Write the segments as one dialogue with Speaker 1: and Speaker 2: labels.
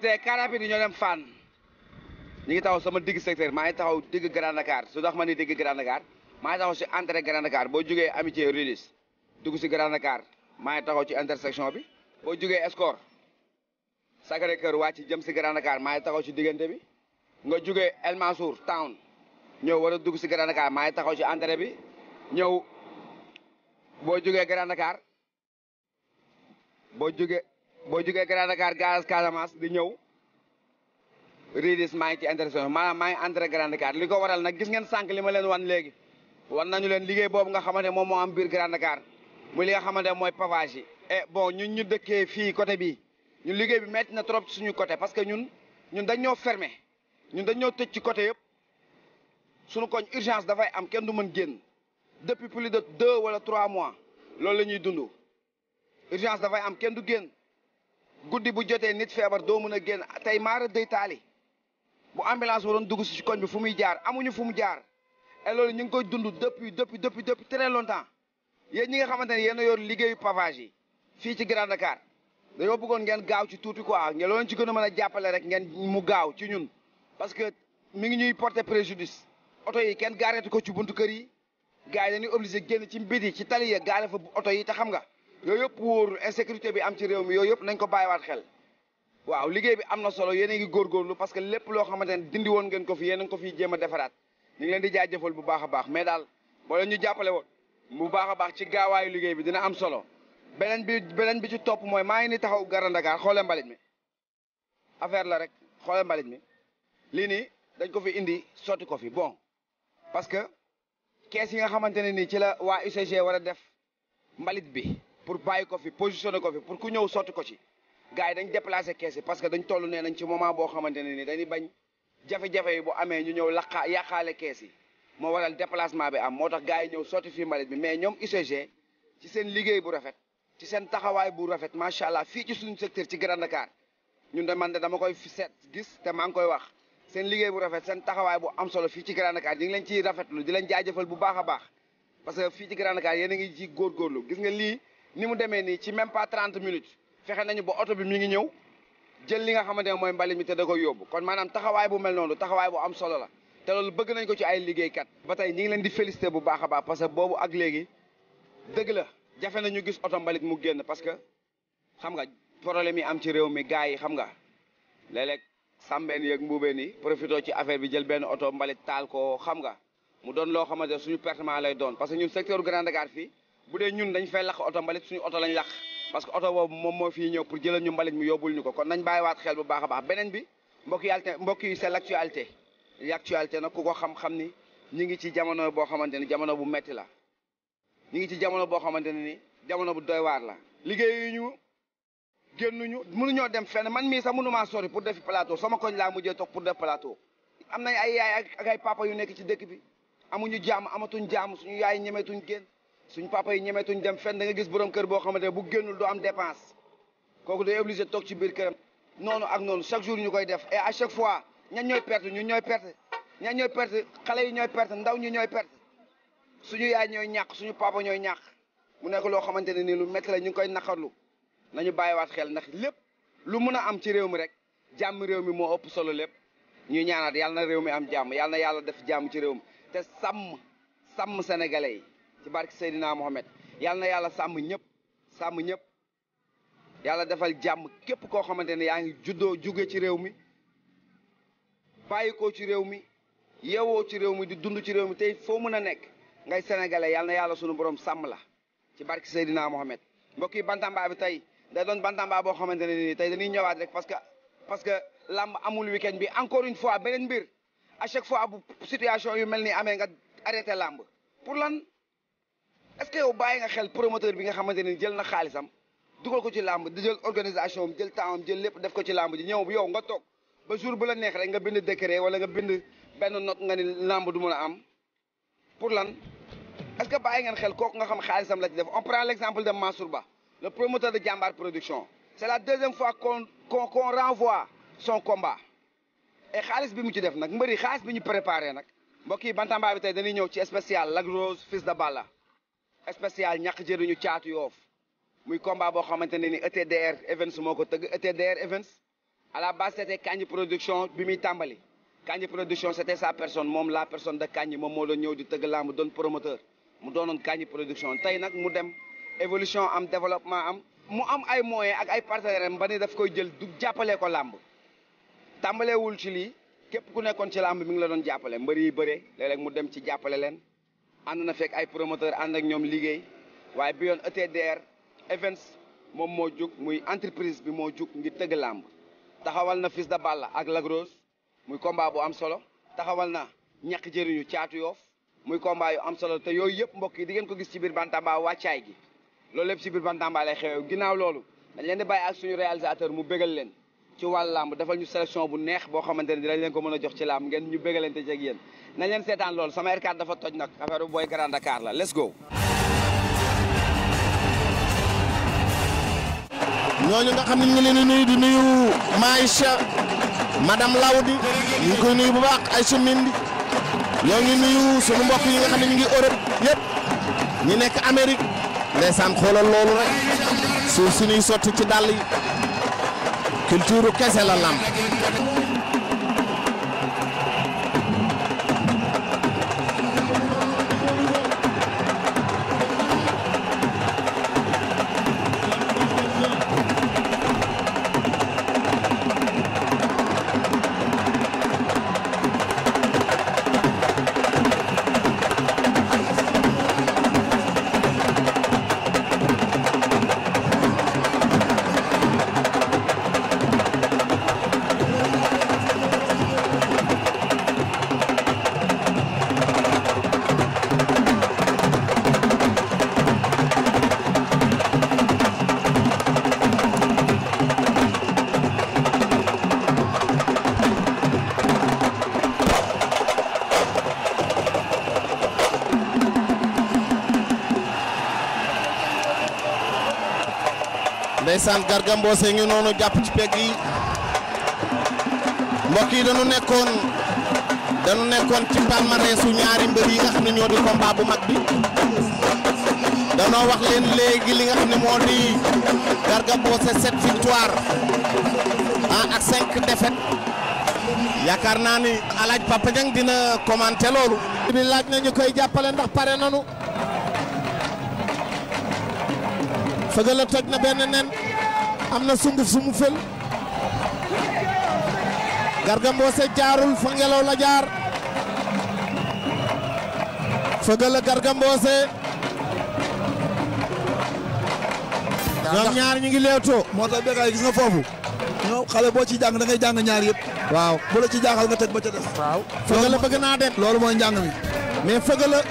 Speaker 1: te carapide yi ñoo dem Fann ñu ngi taxaw sama digg secteur maa ngi taxaw digg Grand Dakar su dax ma ni digg Grand Dakar maa ngi taxaw si entrée Grand Dakar boo jógee amitié Rilis dugg si Grand Dakar maa ngi taxaw ci intersection bi boo jógee Escort Sacré waa ci jëm si Grand maa ngi taxaw ci diggante bi nga jógee El Mansour town ñëw war dugg si Grand Dakar maa ngi taxaw ci entrée bi ñëw boo jugee Grand Dakar boo jógee boo jógee Grand Dakar gaz Casamance di ñëw Ridis maa ci intersection maanaam maa ngi grande Grand Dakar li ko waral na gis ngeen sànq li wan léegi wan nañu leen liggéey boobu nga xamante moom moo am biir Grand Dakar mu li nga xamante mooy pavage yi et eh, ñun ñu dëkkee fii côté bii ñun liggéey bi metti na trop suñu côté parce que ñun ñun dañ ñoo ñun dañoo tëj ci côté yëpp sunu koñ urgence dafay am kenn du mën génn depuis plus de deux wala trois mois loolu la ñuy dund urgence dafay am kenn du génn guddi bu jotee nit feebar doo mën a génn tey maara day taali bu ambulance waroon dugg si koñ bi fu muy jaar amuñu fu mu jaar et loolu ñu ngi koy dund depuis depuis depuis depuis très longtemps yéen ñi nga xamante ne yéen a liggéeyu pavage yi fii ci Grand Dakar dañoo bëggoon ngeen gaaw ci tuuti quoi ngeen loolu ci gën a mën a jàppale rek ngeen mu gaaw ci ñun parce que mi ngi ñuy porter préjudice oto yi kenn gaareetu ko ci bunt kër yi gars yi dañuy génn ci mbiti ci tali ya gaare fa oto yi te xam nga yooyu yëpp wóorul insécurité bi am ci réew mi yooyu yëpp nañ ko bàyyiwaat xel waaw liggéey bi am na solo yéen a ngi góorgóorlu parce que lépp loo xamante ne dindi woon ngeen ko fi yéen a ko fiy jéem a defaraat ñu leen di jaajëfal bu baax a baax daal boo leen ñu jàppale woon bu baax a baax ci gaawaayu liggéey bi dina am solo beneen bi beneen bi ci topp mooy maa ngi ni taxaw Grand Dakar xoolee mbalit mi affaire la rek xoole mbalit mi lii nii dañ ko fi indi soti ko fi bon parce que kees yi nga xamante ne nii ci la waa UCG war a def mbalit bi pour bàyyi ko fi positionné ko fi pour ku ñëw sotti ko ci gars yi dañ déplacé kees yi parce que dañ toll nee nañ ci moment boo xamante ne ni dañuy bañ jafe-jafe bu amee ñu ñëw laqaa yàqaale kees yi moo waral déplacement bi am moo tax gars yi ñëw sotti fii mbalit bi mais ñoom UCG ci seen liggéey bu rafet ci seen taxawaay bu rafet macha allah fii ci suñu secteur ci Grand Dakar ñun man de dama koy seet gis te maa ngi koy wax seen liggéey bu rafet seen taxawaay bu am solo fii ci Grand Dakar ñu ciy rafetlu di leen jaajëfal bu baax a baax que fii ci Grand Dakar ngi ci góorgóorlu gis nga lii ni mu demee nii ci même pas trente minutes fexe nañu ba oto bi mi ngi ñëw jël li nga xamante ne mooy mbalit mi te da koy yóbbu kon maanaam taxawaay bu mel noonu taxawaay bu am solo la te loolu bëgg nañ ko ci ay liggéeykat. ba tey ñu ngi leen di félicité bu baax a baax parce boobu ak léegi dëgg la jafe nañu gis oto mbalit mu génn parce que xam nga problème yi am ci réew mi gars yi xam nga léeg-léeg sàmbeen yeeg mbuubeen yi profité ci affaire bi jël benn oto mbalit taal ko xam nga mu doon loo xamante ne suñu pertement lay doon parce que ñun secteur Grand Dakar fii bu dee ñun dañ fay lakk oto mbalit suñu oto lañ lakk parce que oto boobu moom moo fii ñëw pour jëlal ñu mbalit mi yóbbul ñu ko kon nañ bàyyiwaat xel bu baax a baax beneen bi mbokk yi alte mbokk yi c'est l'actualité nag ku ko xam-xam ni ñi ngi ci jamono boo xamante ni jamono bu metti la ñu ngi ci jamono boo xamante ne ni jamono bu doy waar la liggéey yi ñu génnuñu mënuñoo dem fenn man mii sax mënumaa sori pour def plateau sama koñ laa mujjee toog pour def am nañ ay yaay ay papa yu nekk ci dëkk bi amuñu jàmm amatuñ jàmm suñu yaay ñemetuñ génn suñu papa yi ñemetuñ dem fenn da nga gis borom kër boo xamante ne bu génnul du am dépense kooku day obligé toog ci biir këram. noonu ak noonu chaque jour ñu koy def et à chaque fois ñan ñooy perte ñun ñooy perte ñan ñooy xale yi ñooy perte ndaw ñu ñooy perte suñu yaay ñooy ñàkk suñu papa ñooy ñàkk mu nekk loo xamante ne nii lu métti la ñu ngi koy naqarlu nañu bàyyiwaat xel ndax lépp lu mun a am ci réew mi rek jàmm réew mi moo ëpp solo lépp ñu ñaanaat yàlla na réew mi am jàmm yàlla yàlla def jàmm ci réew mi te sàmm sàmm sénégalais yi. ci barke Seydina Mohamed yal na yàlla sàmm ñëpp sàmm ñëpp yàlla defal jàmm képp koo xamante ne yaa ngi juddoo jóge ci réew mi bàyyi ko ci réew mi yeewoo ci réew mi di dund ci réew mi tey foo mën a nekk ngay sénégalais yal yàlla sunu borom sàmm la ci barke Seydina Mohamed mbokk yi bantambaa bi tey day doon bantambaa boo xamante ne nii tey dañuy ñëwaat rek parce que parce que làmb amul weekend bi encore une fois beneen mbir à chaque fois bu situation yu mel ni amee nga arrêté làmb est-ce que yow bàyyi nga xel promoteur bi nga xamante ni jël na xaalisam dugal ko ci làmb di jël organisation jël temps jël lépp def ko ci làmb ji ñëw yow nga toog ba jour bu la neex rek nga bind décret wala nga bind benn note nga ni làmb du mën a am pour lan est que bàyyi ngeen xel kooku nga xam xaalisam la ci def on prend l'exemple de Mansour Ba le promoteur de Jambar Production c'est la deuxième fois qu'on qu'on qu'on son combat et xaalis bi mu ci def nag mbëri xaalis bi ñu préparé nag mbokk yi bantambaa dañuy ñëw ci spécial Lac Rose fils de Balla spécial ñàkk jëriñu caatu yoof muy combat boo xamante ne ni ETDR Events moo ko tëgg ETDR Events à la base c'était Kandji production bi muy tàmbali Kandji production c'était sa personne moom la personne de Kandji moom moo doon ñëw di tëgg làmb doon promoteur mu doonoon Kandji production tey nag mu dem évolution am développement am mu am ay moyens ak ay partenaires am ba ni daf koy jël du jàppalee ko làmb tàmbaleewul ci lii képp ku nekkoon ci làmb mi ngi la doon jàppale mbër yi bëre léeg mu dem ci jàppale leen ànd na fekk ay promoteur ànd ak ñoom liggéey waaye bi yoon ETDR events moom moo jug muy entreprise bi moo jug ngir tëgg làmb taxawal na fis de Balla ak Lac muy combat bu am solo taxawal na ñàkk jëriñu caatu yoof muy combat yu am solo te yooyu yëpp mbokk yi ko gis ci biir Bantamba wàccaay gi loolu yëpp ci biir Bantamba lay xewee ginnaaw loolu dañ leen di bàyyi ak suñu réalisateur mu bégal leen ci wàllu làmb defal ñu sélection bu neex boo xamante ne dinañ leen ko mën a jox ci làmb ngeen ñu bégalante ci ak yéen na leen seetaan loolu sama R4 dafa toj nag affaire bu booy Grand Dakar la let's go.
Speaker 2: ñooñu nga xam ne ñu leen di nuyu di nuyu Maïcha madame ñu koy nuyu bu baax ay sumindi ñoo ngi nuyu sunu mbokk yi nga xam ne ñu ngi Europe yëpp ñi nekk Amérique ndeysaan xoolal loolu rek suuf suñuy sotti ci dàll yi. culture kese la lamb ndeysaan Garga Mbossé ngi noonu jàpp ci pegg yi mbokk yi nekkoon dañu nekkoon ci palmarèsu ñaari mbër yi nga xam ne ñoo di combat bu mag bi danoo wax leen léegi li nga xam ne moo di Garga Mbossé sept victoire ak cinq défaites yaakaar naa ni alaaj Papa Dieng dina commenter loolu bi laaj na koy jàppale ndax pare nanu fëgala toj na benn nen am na sunguf sumu fel Garga Mbossé jaarul fa ngelaw la jaar fëgal la Garga Mbossé ñoom ñaar ñu ngi leetoo moo tax béykat yi gis nga foofu ñoom xale boo ci jàng da nga jàng ñaar yëpp waaw bu la ci jaaxal nga teg ba ca des waaw fëgal la naa dem loolu mooy njàng mi mais fëgal la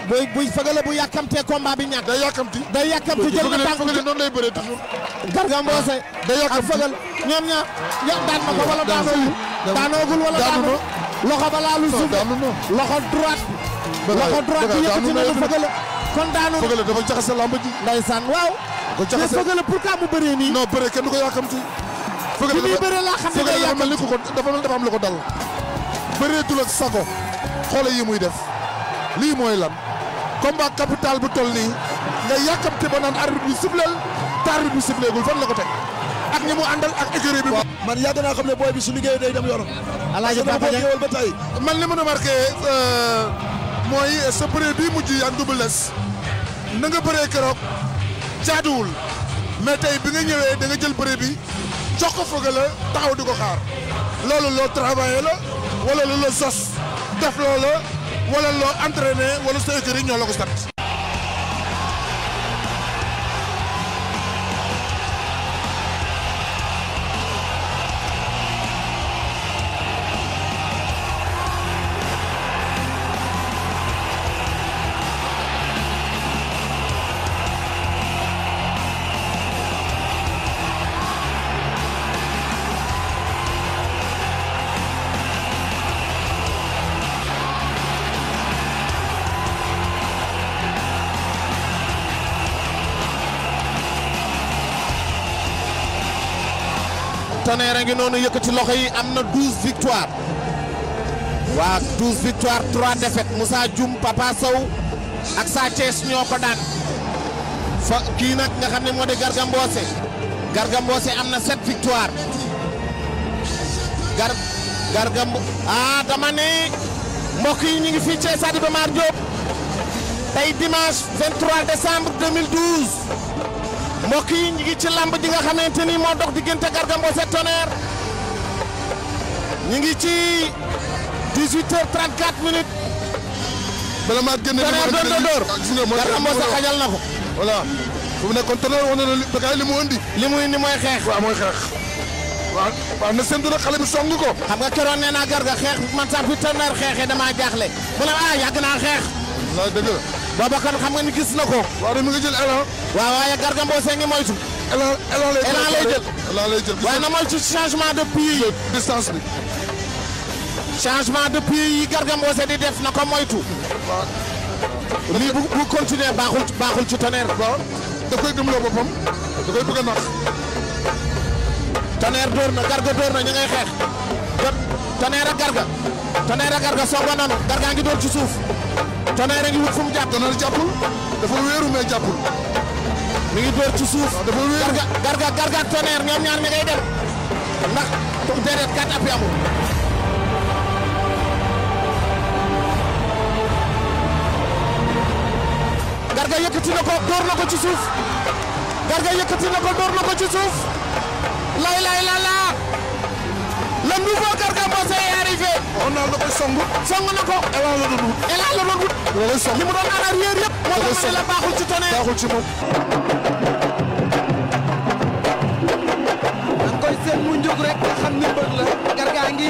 Speaker 2: buy bu yàkkamtee combat bi ñàkk day yàkkamti day yàkkamti jël nga tànk lay bëree toujours Garga Mbossé da yokk fëgal ñoom ñaar ya daan na ko wala daanoo daanoogul wala daanoo loxo ba laalu suuf loxo droite loxo droite bi yëkkati na lu fëgal kon daanu fëgal dafa jaxase lamb ji ndeysaan waaw ko jaxase fëgal pourquoi mu bëree nii non bëree kenn du ko yàkkamti fëgal dafa bëree laa mel ni ko dafa mel ko dal bëree dul ak sago xoole yi muy def lii mooy lan combat capital bu toll nii nga yàkkamti ba naan arbitre bi sublel tant que bi sifleegul fan la ko teg ak ñi mu àndal ak écurie bi. man yàgg naa xam ne booy bi su liggéey day dem yoonam. alaaji Papa Dieng ba tey man li ma remarqué euh, mooy sa bëree bii mujj yi ak Double Less na nga bëree keroog jaaduwul mais tey bi nga ñëwee da nga jël bëree bi jox ko foog la taxaw di ko xaar loolu loo travaillé la wala lu la sos def loola wala loo entraîné wala sa écurie ñoo la ko sant. tonnerre a ngi noonu yëkkati loxo yi am na douze victoire waa douze victoire trois défaites Moussa Dioum Papa Sow ak Sa Thiès ñoo ko daan fa kii nag nga xam ne moo di Garga Mbossé Garga Mbossé am na sept victoire gar Garga Mbo ah, ne mbokk yi ñu ngi fii ci stade Iba Mar Diop tey dimanche 23 décembre 2012. mbokk yi ñu ngi ci lamb ji nga xamante ni moo dox diggante Garga Mbossé Tonnerre ñu ngi ci 18h34 minutes. bala maa génne numéro bi doon door Garga xajal na ko. voilà bu nekkoon Tonnerre wax na ne li li mu indi. li muy ni mooy xeex. waaw mooy xeex. waaw waaw na séntu nag xale bi song ko. xam nga keroon nee naa Garga xeex man sax fi Tonnerre xeexee damaa jaaxle. mu ne ah yàgg naa xeex. waaw dëgg Babacar xam nga ni gis na ko. waaw de mi ngi jël jël waaye na changement de pied yi. distance bi. changement de pied yi Garga di def na ko moytu. lii bu bu continuer baaxul ci Tonnerre. waaw da koy gëmloo boppam. da koy bëgg nax. Tonnerre dóor na Garga dóor na ñu ngay xeex. jot Tonnerre Garga. Tonnerre ak Garga soog a ngi dóor ci suuf. Tanaay rek ngi wut fu mu jàpp. Tanaay jàppul dafa wéeru mais jàpp mu ngi door ci suuf. dafa wéeru garga garga ak Tonnerre ñoom ñaar ña ngay dem. ndax déedéet kat appui amul. garga yëkkati na ko door na ko ci suuf. garga yëkkati na ko door na ko ci suuf. lay lay la la. le nouveau garga Mbossé est arrivé. Ronaldo da koy song. song na ko. élan la doon wut. élan la doon wut. loolu song li mu doon
Speaker 1: en arrière yëpp. da koy song moo tax ma ne la baaxul ci Tonnerre. baaxul ci moom. da nga koy seet mu njóg rek nga xam ni mbër la. Garga ngi.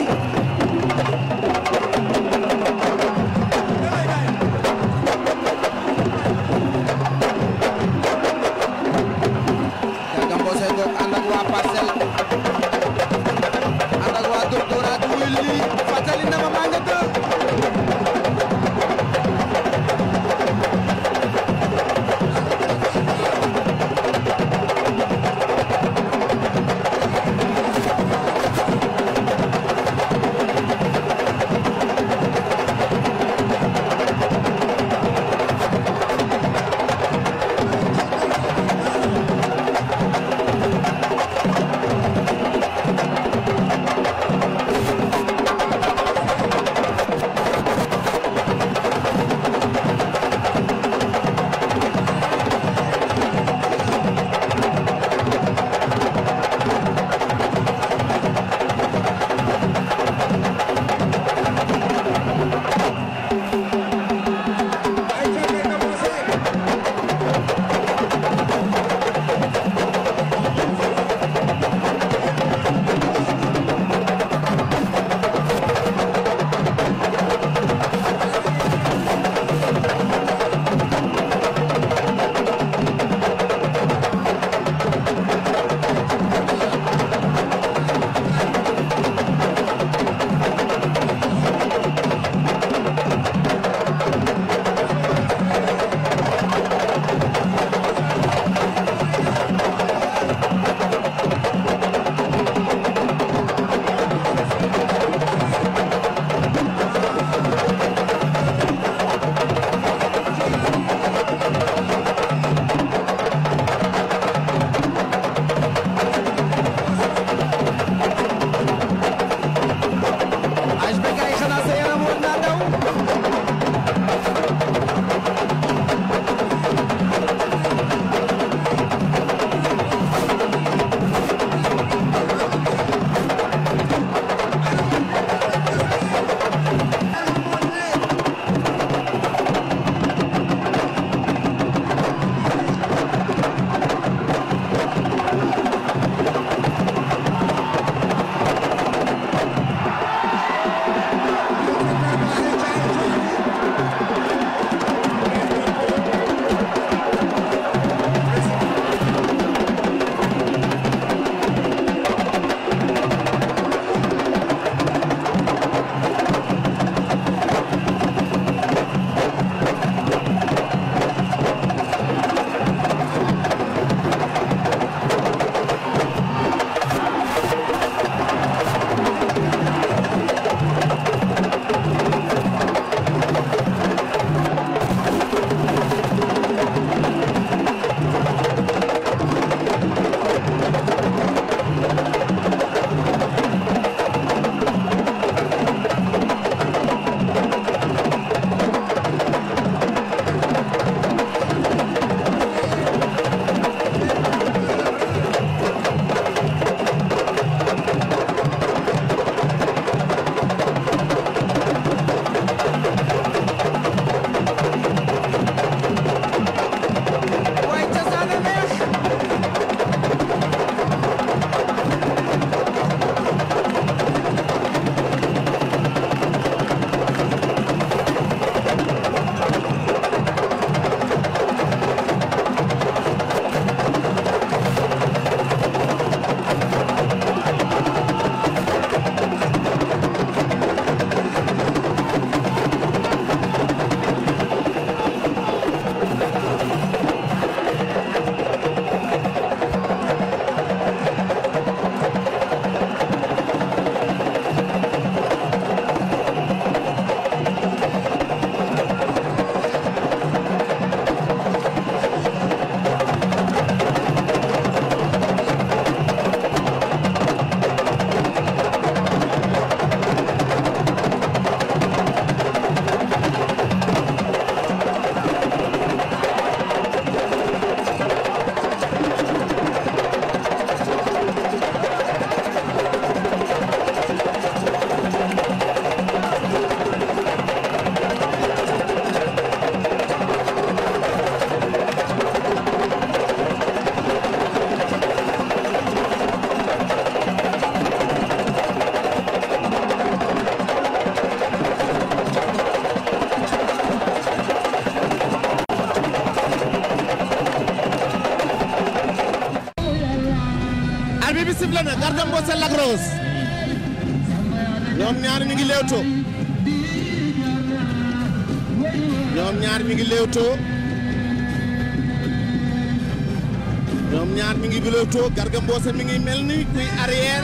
Speaker 2: lewtoo Garga Mbossé mi ngi mel ni kuy arrière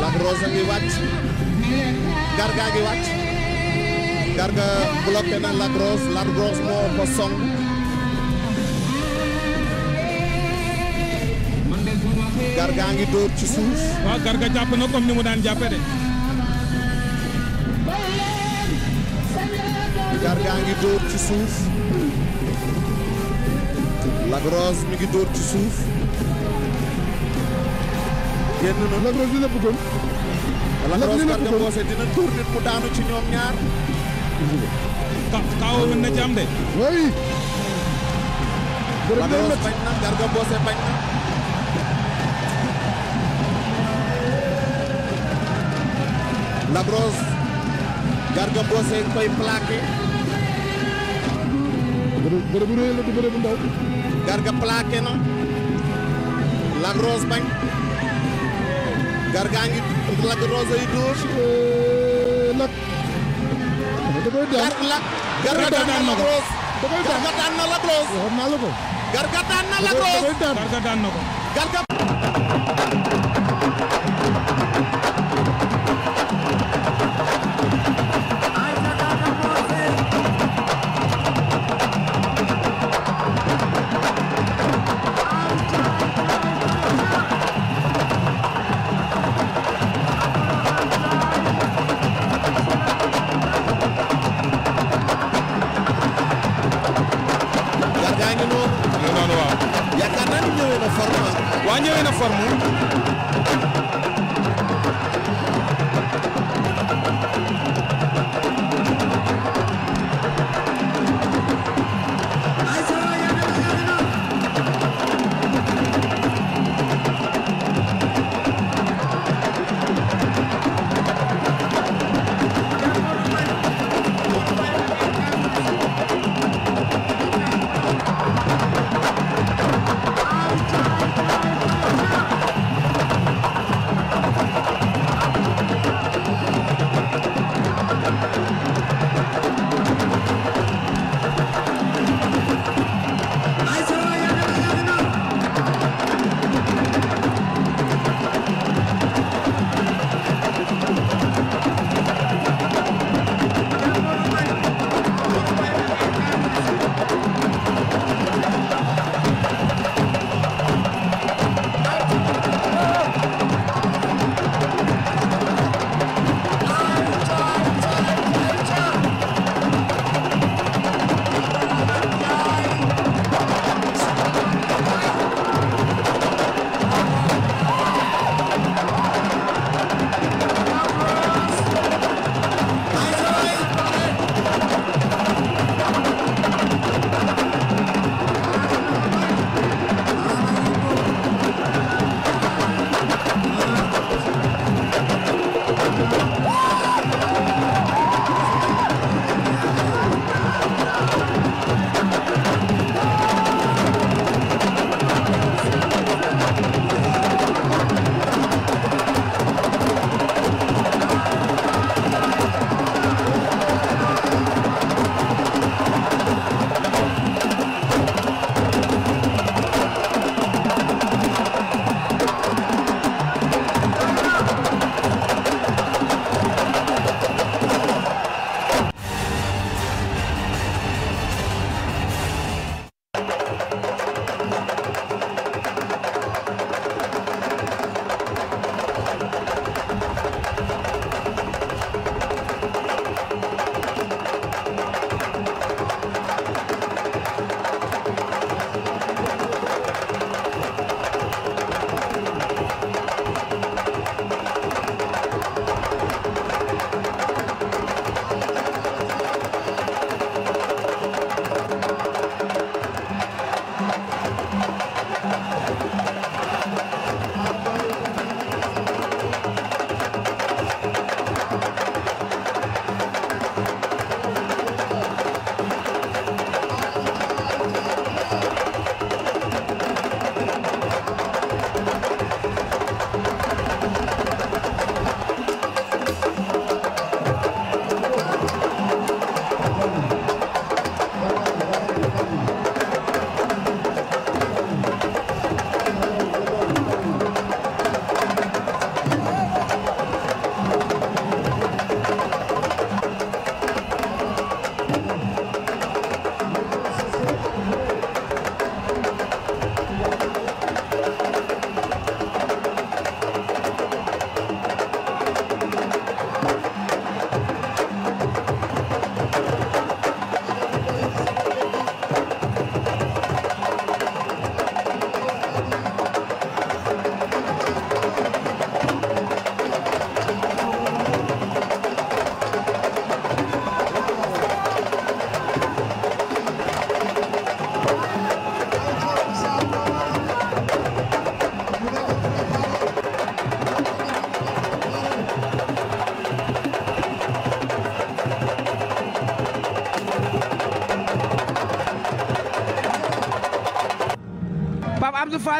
Speaker 2: Lac ngi wàcc Garga ngi wàcc Garga bloqué na Lac Rose Lac moo ko song Garga ngi dóor ci suuf waaw Garga jàpp na comme mu daan jàppe de Garga ngi dóor ci suuf Lac mi ngi dóor ci suuf génn na Lac Rose dina bëggoon. mu daanu ci ñoom ñaar. kaw na ci am de. oui. bañ na Garga bañ na. Lac koy plaqué. Garga plaqué na. Lac bañ. gargaa ngi Lac Rose yi dóor. Euh, Lac. da koy daan Lac Garga daan na Lac Rose. da koy daan Garga daan na Lac Rose. waxoon naa la ko. Garga daan na Lac Rose. da koy daan Garga daan na ko.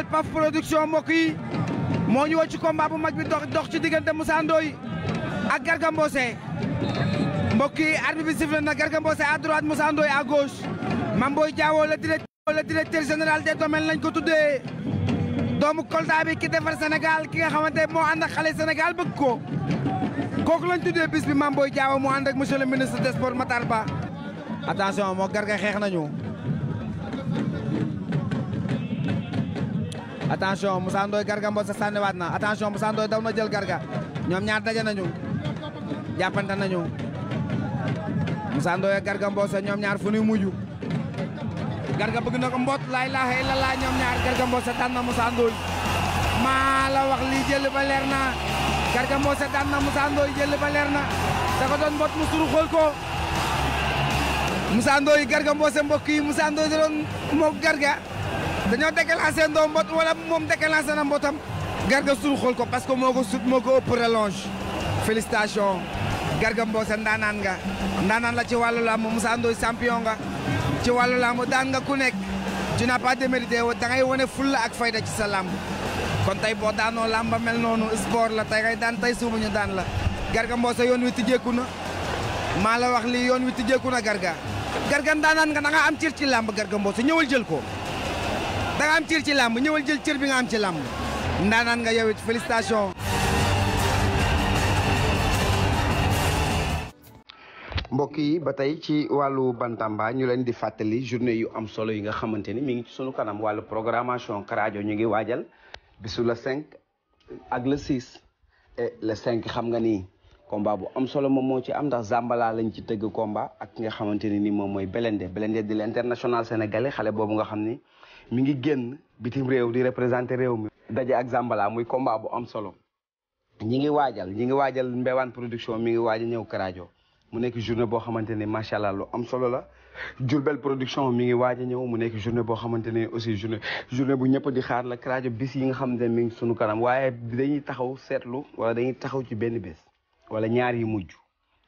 Speaker 1: général Paf production mbokk yi moo ñu wàcc combat bu mag bi dox dox ci diggante Moussa Ndoye ak Garga Mbossé mbokk yi arbitre bi sifflé na Garga Mbossé à droite Moussa Ndoye à gauche Mame Boye Diao le directeur le directeur lañ ko tuddee doomu Kolda bi ki defar Sénégal ki nga xamante moo ànd ak xale Sénégal bëgg ko kooku lañ tuddee bis bi Mame Boye Diao mu ànd ak monsieur le ministre des sports Matar Ba moo Garga xeex nañu attention Moussa Ndoye Garga Mbossé sànniwaat na attention Moussa Ndoye daw na jël Garga ñoom ñaar daje nañu jàppante nañu Moussa Ndoye ak Garga Mbossé ñoom ñaar fu ñuy mujj Garga bëgg na ko mboot laa ilaaha illallaah ñoom ñaar Garga Mbossé daan na Moussa Ndoye maa la wax lii jël ba leer na Garga Mbossé daan na Moussa Ndoye jël ba leer na da ko doon mboot mu suru xool ko Moussa Ndoye Garga Mbossé mbokk yi Moussa Ndoye da doon moog Garga dañoo déclenché ndoom mbot wala moom déclenché na mbotam garga sul xool ko parce que moo ko sut moo ko ëpp relonge félicitation garga mboose ndaanaan nga ndaanaan la ci wàllu làmb Moussa Ndoye champion nga ci wàllu làmb daan nga ku nekk tu n'as pas démérité da ngay wone fulla ak fayda ci sa làmb kon tey boo daanoo làmba mel noonu sport la tey ngay daan tey suubu ñu daan la garga mboose yoon wi tijjeeku na maa la wax lii yoon wi tijjeeku na garga garga ndaanaan nga da am cër ci làmb garga mboose ñëwal jël ko da nga am cër ci làmb ñëwal jël cër nga am ci làmb ndaanaan nga yow félicitation. mbokk yi ba tey ci wàllu bantamba ñu leen di fàttali journée yu am solo yi nga xamante ni mi ngi ci sunu kanam wàllu programmation Karajo ñu ngi waajal bisu le 5 ak le 6 et cinq xam nga nii combat bu am solo moom moo ci am ndax Zambala lañ ci tëgg komba ak ki nga xamante ne ni moom mooy Belende Belende di l'international sénégalais xale boobu nga xam ni mi ngi génn bitim réew di représenter réew mi. daje ak Zambala muy combat bu am solo. ñi ngi waajal ñi ngi waajal Mbéwane production mi ngi waaj a ñëw Karajo mu nekk journée boo xamante ne macha allah am solo la Diourbel production mi ngi waaj a ñëw mu nekk journée boo xamante ne aussi journée journée bu ñëpp di xaar la Karajo bis yi nga xam ne mi ngi sunu kanam waaye dañuy taxaw seetlu wala dañuy taxaw ci benn bés wala ñaari yi mujj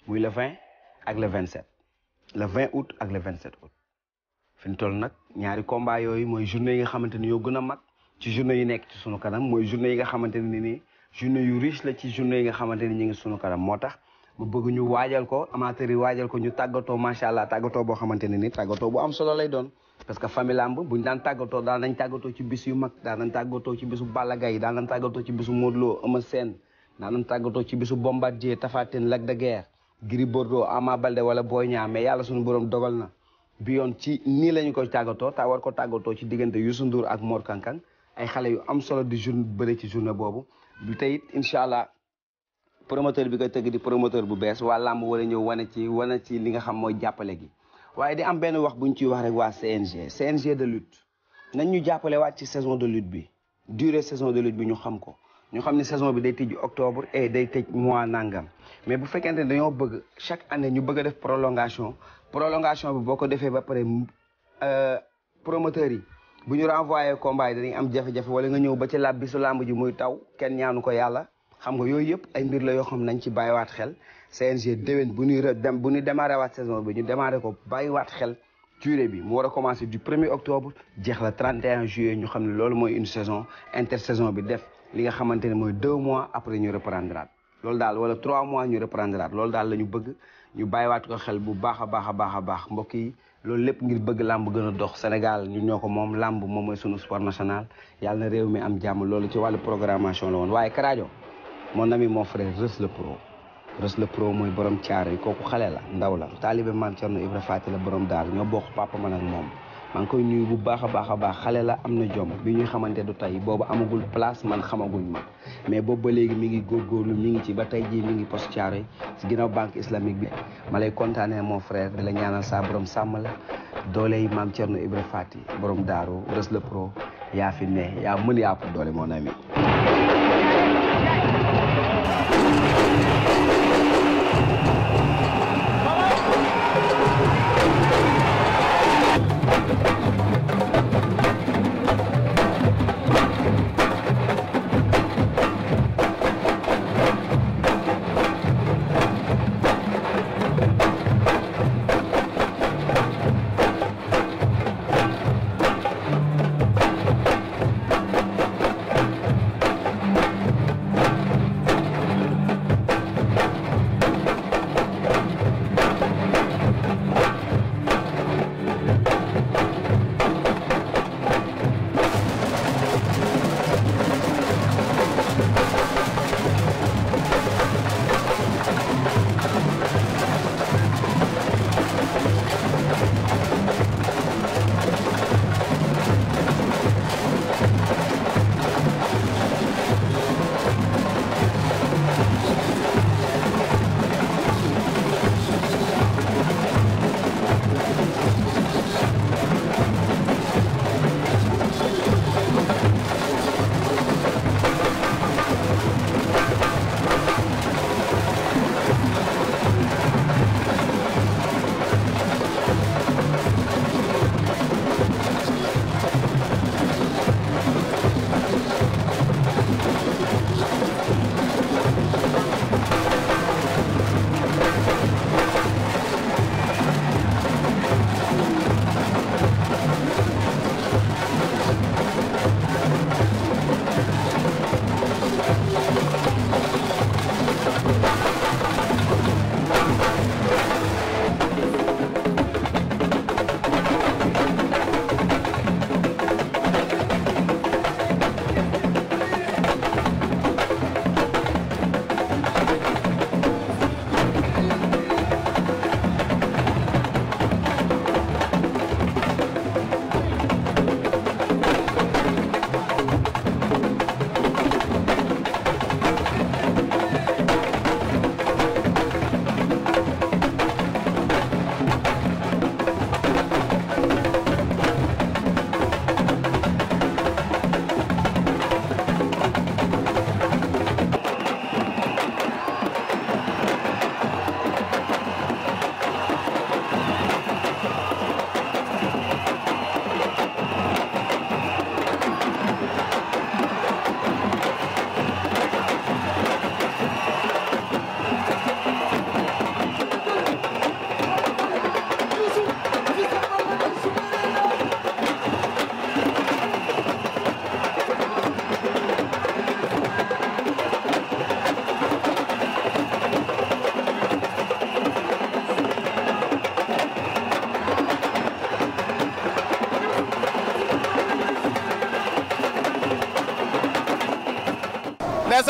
Speaker 1: muy le vingt ak le 27 le 20 août ak le 27 août fi ñu toll nag ñaari combat yooyu mooy journée yi nga xamante ni yoo gën a mag ci journée yu nekk ci sunu kanam mooy journée yi nga xamante ne ni journée yu riche la ci journée yi nga xamante ni ñu ngi sunu kanam moo tax mu bëgg ñu waajal ko amateurs yi waajal ko ñu tàggatoo macha allah tàggatoo boo xamante ne ni tàggatoo bu am solo lay doon parce que famille lamb buñ daan tàggatoo daan nañ tàggatoo ci bis yu mag daan nañ tàggatoo ci bisu Balla daal daan nañ ci bisu Modou Lo Eumeu Sène daan tàggatoo ci bisu Bombardier Tapha Tine Lac de Guiers Gris Bordeaux Ama wala Boy Niang mais yàlla suñu borom dogal na bi yoon ci nii lañu koy tàggatoo ta war ko tàggatoo ci diggante Youssou Ndour ak moor Kankan ay xale yu am solo di journée bëri ci journée boobu bi tey incha allah promoteur bi koy tëgg di promoteur bu bees waa làmb war ñëw wane ci wane ci li nga xam mooy jàppale gi waaye di am benn wax bu ñu ciy wax rek waa CNG CNG de lutte nañ ñu jàppale waat ci saison de lutte bi durée saison de lutte bi ñu xam ko ñu xam ne saison bi day tëj octobre et day tëj mois nangam mais bu fekkente ne dañoo bëgg chaque année ñu bëgg a def prolongation prolongation bi boo ko defee ba pare euh, promoteurs yi bu ñu renvoyé combat yi dañuy am jafe-jafe wala nga ñëw ba ci làb bi su làmb ji muy taw kenn ñaanu ko yàlla xam nga yooyu yëpp ay mbir la yoo xam nañ ci bàyyiwaat xel CNG déwén bu ñuy dem bu ñuy démarré waat saison bi ñu démarré ko bàyyiwaat xel durée bi mu war a commencé du premier octobre jeex la en juillet ñu xam ne lool mooy une saison saison bi def li nga xamante ne mooy deux mois après ñu reprendre loolu daal wala trois mois ñu reprendre loolu daal la ñu bëgg ñu bàyyiwaat ko xel bu baax a baax a baax a baax mbokk yi loolu lépp ngir bëgg làmb gën a dox Sénégal ñu ñoo ko moom lamb moom mooy sunu sport national yàlla na réew mi am jàmm loolu ci wàllu programmation la woon waaye Karajo na ami mon frère Reus le pro res le pro mooy borom caar yi kooku xale la ndaw la taalibe maam Cerno Ibra Faati la borom daal ñoo bokk papa man moom maa ngi koy nuyu bu baax a baax a baax xale la am na jom bi ñuy xamante du tey booba amagul place man xamaguñ ma mais boobu ba léegi mi ngi góorgóorlu mi ngi ci ba tey jii mi ngi post Thiaroye si ginnaaw banque islamique bi malay lay kontaanee mon frère di la ñaanal saa borom sàmm la dooley maam Thierno Ibra Fati borom daaru rës le pro yaa fi ne yaa mën yaa pour doole mon ami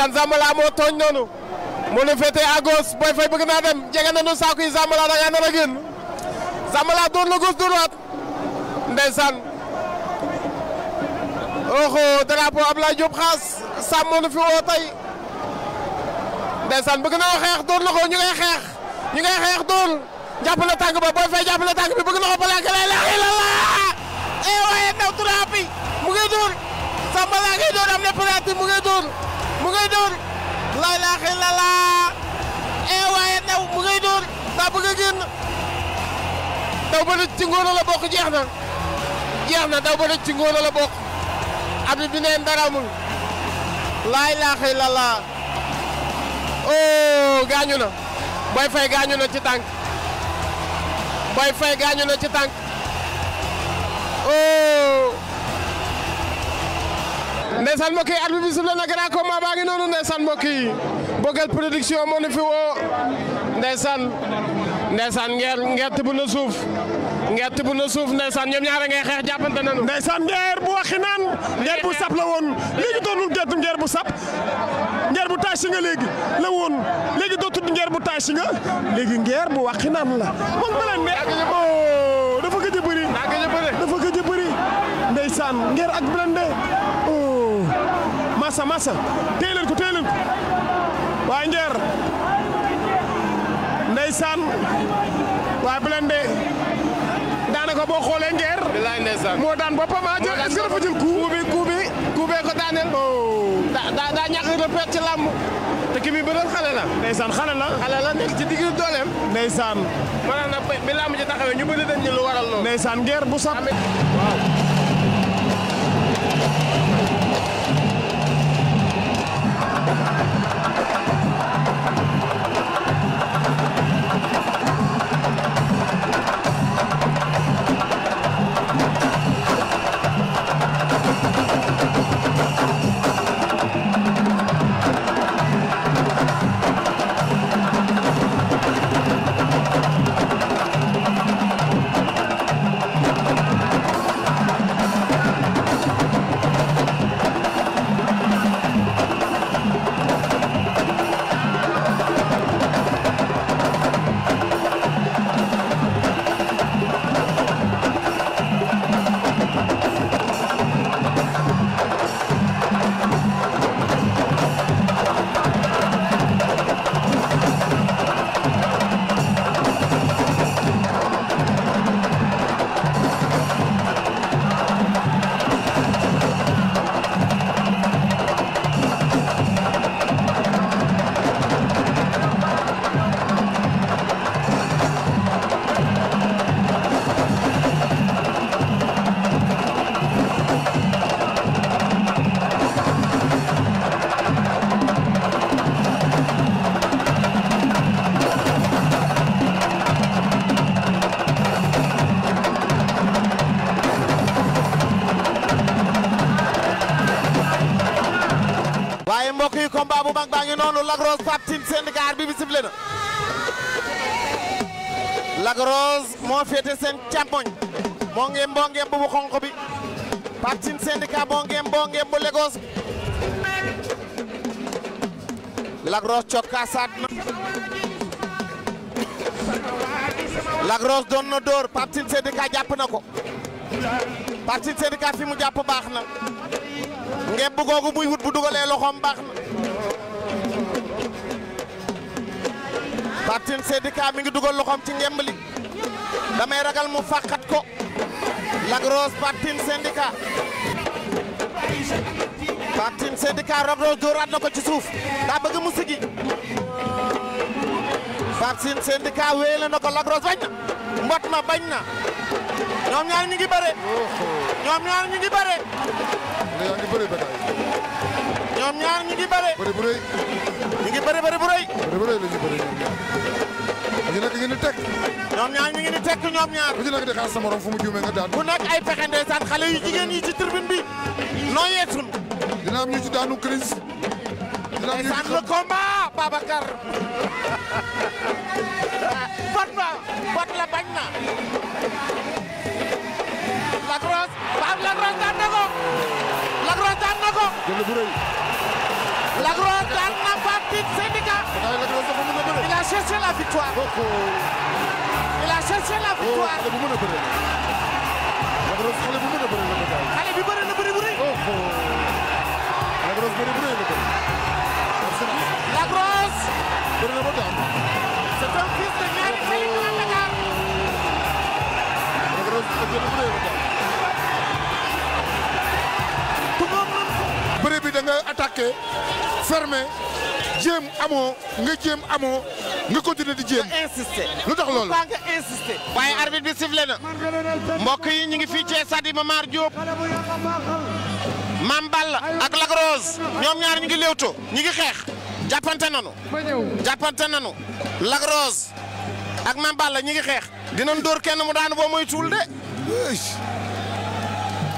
Speaker 2: ndeysaan Zambala moo tooñ noonu moo la féetee à gauche bëgg naa dem jege nañu saako yi Zambala da ngaa nar a génn Zambala dóor la gauche droite ndeysaan oxo drapeau Abdoulaye Diop Sam moo fi woo tey ndeysaan bëgg na xeex dóor la ko ñu ngay xeex ñu ngay na tànk ba Boy Faye jàpp na tànk bi bëgg na ko plaqué la ilaha illallah eh waaye ndaw turam bi mu ngi ngay dóor am na penalty mu ngi ngay dóor laa ilaaha illallaah ee eh, waaye daw mu ngay dóor daa bëgg a génn daw ba ci ngóono la jeex na jeex na daw ba ci ngóono la bokk abi bi neen dara amul laa ilaaha oh, gaañu na Boy Faye gaañu na ci tànk Boy Faye gaañu na ci tànk oo oh. ndeysaan mbokk yi at bi bisub la na grand combat baa ngi noonu ndeysaan mbokk yi Bokel production fi woo ndeysaan ndeysaan ngeer ngeer tibb na suuf ngeer bu na suuf ndeysaan ñoom ñaare ngay xeex jàppante nañu ngeer bu waxi naan ngeer bu sap la woon léegi doonul gerte ngeer bu sap ngeer bu taasi nga léegi la woon ngeer bu waxi naan la moom ma leen ne dafa gëj a dafa gëj a bëri ngeer ak Blindé massa massa téye leen ko téye leen ko waaye njeer ndeysaan waaye Blindé daanaka boo xoolee ngeer bilaay ndeysaan moo daan boppam a ah, jël est-ce que dafa jël coup bi coup bi coup bee ko daaneel oh. daa daa ñàkk repère ci làmb te ki muy bëral xale la ndeysaan xale la xale la nekk ci digg dooleem ndeysaan maanaam nag bi làmb ji taxawee ñu bëri dañ ñu lu waral loolu ndeysaan ngeer bu sap waaw moo féete seen càmmoñ moo ngeem boo bi Pape Tine syndicat moo ngeem boo ngeem bu Lagos bi na Lac Rose doon na dóor Pape Tine jàpp na ko Pape Tine fi mu jàpp baax na ngeem bu googu muy wut bu dugalee loxoom baax na Pape Tine syndicat ngi dugal loxoom ci ngemb li damay ragal mu fàqat ko Lac Rose Patine syndicat Patine syndicat Lac Rose dóoraat na ko ci suuf daa bëgg mu sigi Patine syndicat wéyale na ko Lac Rose bañ na mbot ma bañ na ñoom ñaar ñu ngi bëre ñoom ñaar ñu ngi bëre ñoom ñaar ñu ngi bëre ñu ngi bëre bëre bu rëy ku ci nekk ngeen di teg ñoom ñaar ñu ngi di tekk ñoom ñaar ku ci nekk di xaar sa morom fu mu juumee nga daan ku nekk ay pexe ndeysaan xale yu jigéen yi ci tribune bi noo yeetul dina am ñu ci daanu crise dina am ñu ci le combat Babacar bot ba bot la bañ na Lac Rose Pape Lac Rose daan na ko Lac Rose daan na ko jël bu rëy cherché la victoire. il a cherché la victoire. xale bu mën a bëri la. Lac Rose xale bu mën a bëri la ko jaay. xale bi bëri na bëri bu rëy. Lac Rose bëri bu rëy la ko. Lac Rose. bëri na ba daan. c'est un fils de ñaari xale yu mën a Dakar. Lac Rose bëri na bu rëy la ko jaay. bëri bi da nga attaqué fermé jéem amoo nga jéem amoo. nga continuer di jéem insister lu tax loolu waaye arbitre bi sifflé na mbokk yi ñu ngi fii ci stade Iba Mar Diop Mame Balla ak Lac ñoom ñaar ñu ngi léewto ñu ngi xeex jàppante nanu jàppante nanu Lac Rose ak Mame Balla ñu ngi xeex dinañ dóor kenn mu daanu boo mooy tuul de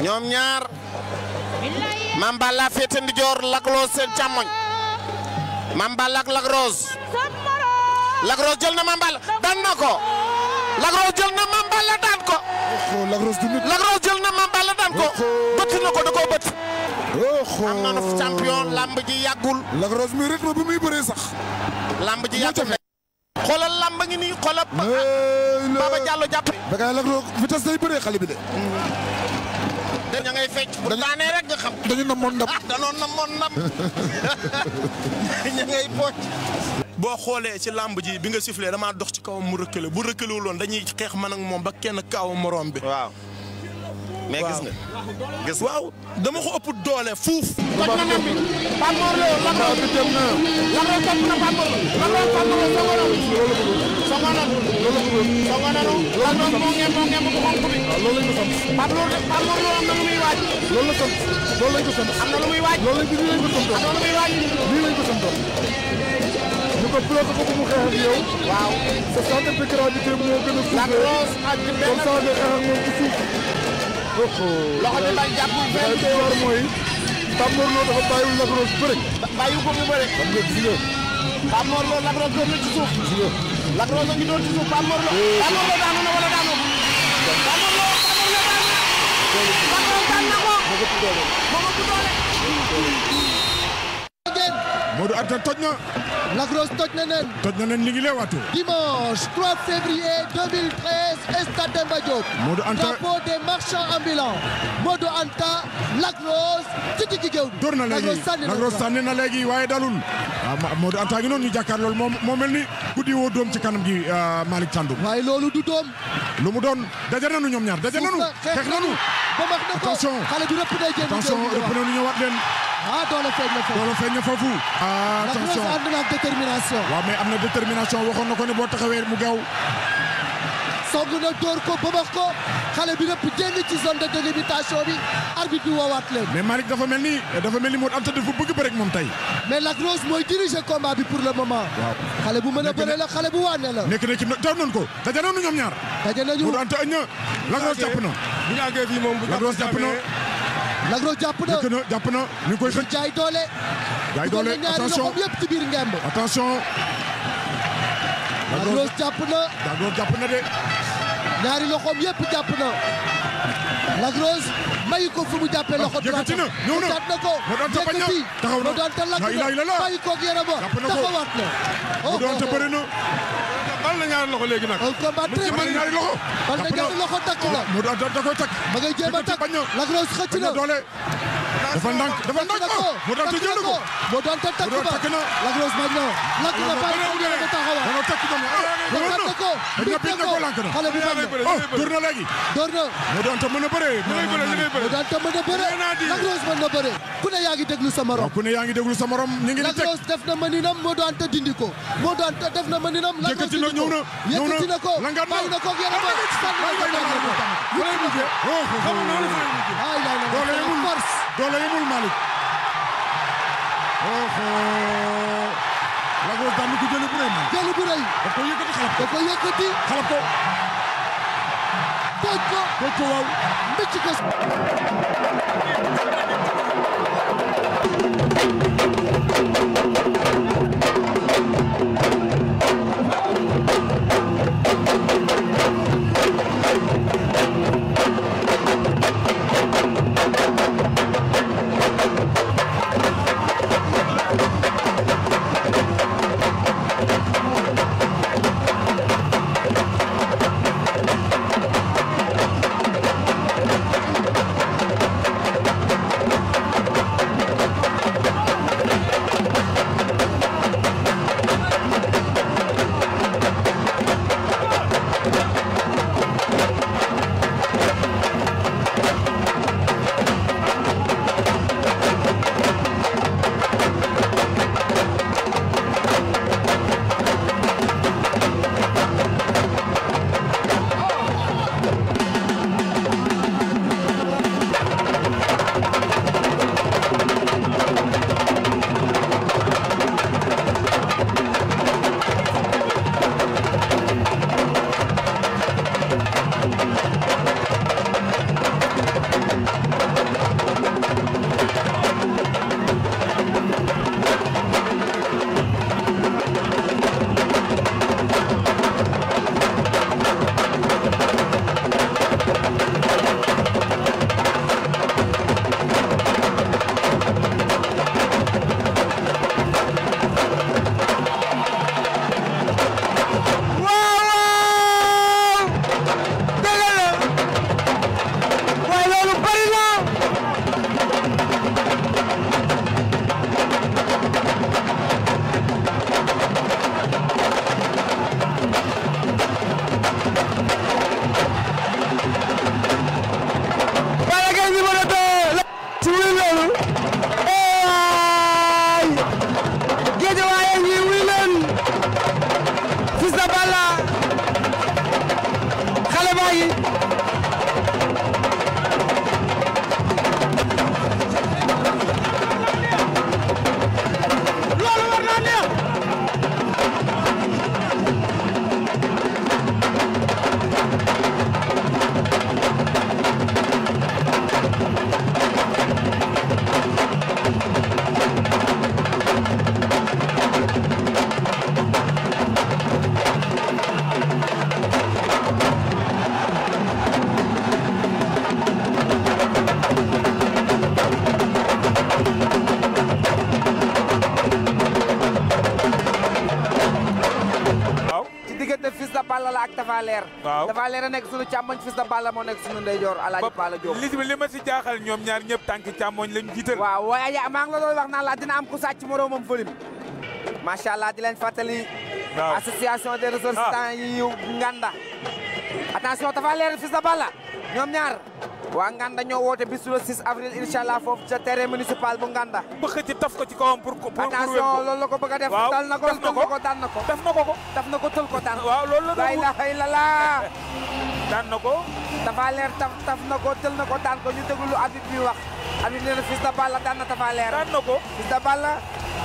Speaker 2: ñoom ñaar Mame Balla féete ndijoor Lac Rose seen càmmoñ Mame Balla ak Lac Lac Rose jël na Mame Balla daan ko Lac Rose jël na Mame Balla daan ko. Lac na ko. bëtt na ko da koo bëtt. am na nu champion lamb ji yàggul. Lac Rose mi rythme bi muy bëree sax. lamb ji yàggul xoolal lamb ngi nii xoolal. Baba Diallo jàpp. da ngay Lac Rose vitesse day bëree xale bi de. dañu ngay fecc bu daanee rek nga xam. dañu namoon ndam ah danoon namoon ndam. ñu ngay pocc. boo xoolee ci làmb ji bi nga sifflé damaa dox ci kawam mu rëkkale bu rëkkalewul woon dañuy xeex man ak moom ba kenn kaaw morom bi. waaw mais gis nga. gis waaw dama ko ëpp doole fuuf. kon na nam bi Pape Mor Lo la ko dem na. la ko topp na Pape Mor Lo la ko topp na Sokone. Sokone nu. Sokone nu moo ngeen moo ngeen bu xonk bi. waaw loolu lañ ko sant. Pape Mor Pape Mor Lo am na lu muy waaj. loolu la sant loolu lañ ko sant. am na lu muy waaj. loolu lañ ko sant. am na lu muy waaj. lii lañ ko sant. ñu ko bloqué ko bu mu xeex ak yow. waaw sa centre de gravité moo gën a suufee. la grosse ak benn comme ça nga xeex ak moom ci suuf. loxo bi bañ jàppul benn bi war mooy. Pamor loolu dafa bàyyiwul la grosse bëri. bàyyiwul ko mu bëri. xam nga gis nga. Pamor loolu la grosse doon na ci suuf. gis nga. la grosse a ngi doon ci
Speaker 1: suuf Pamor la. Eh. Pamor la daanu na wala daanu. Pamor la Pamor la daanu na. Pamor
Speaker 3: daan na ko. moo ko ëpp doole. moo ko ëpp doole. Modou Anta toj na. Lac Rose toj na nen. toj na nen ñu ngi leewaatu. dimanche 3 février 2013 stade Demba Diop. Modou des marchands ambulants. Anta Lac Rose ci digg géew bi. dóor na léegi Lac Rose sànni na léegi waaye dalul. waaw ah, Modou Anta gi noonu ñu jàkkaarlool moom moo mel ni guddi woo doom ci kanam gi euh, Malick Thiandoum. waaye loolu du doom. lu mu doon daje nañu ñoom ñaar daje nañu. xeex nañu ba max na ko attention xale bi rëpp day génn attention rëpp nañu ñëwaat leen. ah doole feeñ na foofu doole feeñ na ah, am na détermination waxoon na ko ne boo taxawee mu gaaw. song na dóor ko bëbax ko xale bi lépp génn ci zone de délimitation bi arbitre bi woowaat leen. mais Malick dafa mel ni dafa mel ni moo am te dafa bëgg bëre moom tey. mais Lac Rose mooy diriger combat bi pour le moment. waaw xale bu mën a bëre la xale bu waane la. nekk na ci daw nañ ko daje nañu ñoom ñaar. daje nañu mu doon te ña. Lac Rose jàpp na bu ñu àggee fii moom bu ñu àggee Lac Rose jàpp na dëkk na jàpp na ñu koy. jaay Daglos jàpp na jàpp na de ñaari loxoom yépp jàpp na Lagros mayi ko fu mu jàppee loxo droite na ñëw na na ko yëkkati taxaw na doonte Lagros mayi ko ak na oh, mu doonte oh, oh. bëri na bal na ñaari loxo léegi nag un combat na ñaari loxo bal na ñaari loxo takk na mu doonte da koy takk ma ngay jéem a takk Lagros xëcc na dafa ndànk dafa ndànk ko mu doon jënd ko mu doon takk ba Lac Rose mag na lakk na bàyyi ko mu ne taxawal mu doon takk ko mu doon ko biñ na na xale bi bañ na door na léegi door na mu doon te mën a bëree mu doon mën a bëree Lac mën na bëree ku ne yaa ngi déglu sa morom ku ne yaa ngi déglu sa morom ñu ngi Lac Rose def na maninam mu doon te dindi ko mu doon te def na maninam Lac Rose dindi ko yëkkati na ko bàyyi na ko yéen ba sànni na ko daan na ko ahí Mul Malick oho Lac Rose daan na ko jëli bu rëy man jëli bu rëy da ko yëkkati xalab da ko yëkkati xalab ko toj ko toj ko waaw mbicc ko Thank you.
Speaker 1: dafa leer dafa leer a nekk sunu càmmoñ fils de Balla moo nekk sunu ndeyjoor alaaji Balla Diop li li ma si jaaxal ñoom ñaar ñëpp tànk càmmoñ lañ jiital waaw waaye maa ngi la doon wax naan la dina am ku sàcc moroomam fëlim macha allah di leen fàttali association des ressortissants ah. yi nganda attention dafa leer fils Balla ñoom ñaar waa Nganda ñoo woote bisu le 6 avril incha allah foofu ca terrain municipal bu Nganda. bëgg ci taf ko ci kawam pour. pour pour attention loolu ko bëgg a def. waaw dal na ko dal na ko daan na ko. daf na ko ko daf na ko tël ko daan. waaw loolu la doon la ilaha illallah daan na ko. Tapha Leer taf taf na ko tël na ko daan wax arbitre nee na Fils de Balla daan na Tapha Leer daan na ko Fils de Balla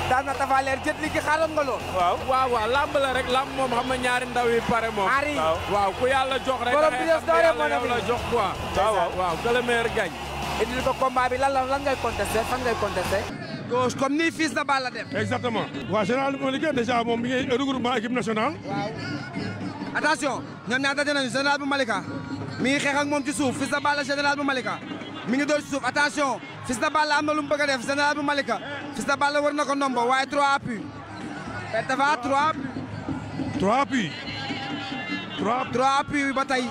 Speaker 1: daan na Tapha Leer jët li gi xaaroon waaw waaw waaw la rek lamb moom xam nga ñaari ndaw yi pare moom aari waaw ku yàlla jox rek borom bies doore moo nekk la jox quoi waaw waaw que le meilleur gagne indil ko combat bi lan la lan ngay contesté fan ngay contesté gauche comme ni Fils de Balla def exactement ma liggéey déjà moom mi ngi regroupement équipe nationale
Speaker 3: waaw
Speaker 1: attention ñoom ñaar mi ngi xeex ak moom ci suuf Fils de Balla général bu Malika mi ngi door ci suuf attention Fils de Balla am na lu mu bëgg a def général bu Malika Fils de Balla war na ko ndombo waaye trois appuis Père Tapha trois appuis trois appuis trois appuis ba tey